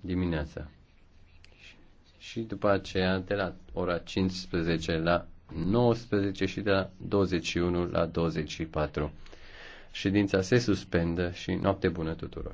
dimineața. Și după aceea de la ora 15 la 19 și de la 21 la 24. Ședința se suspendă și noapte bună tuturor!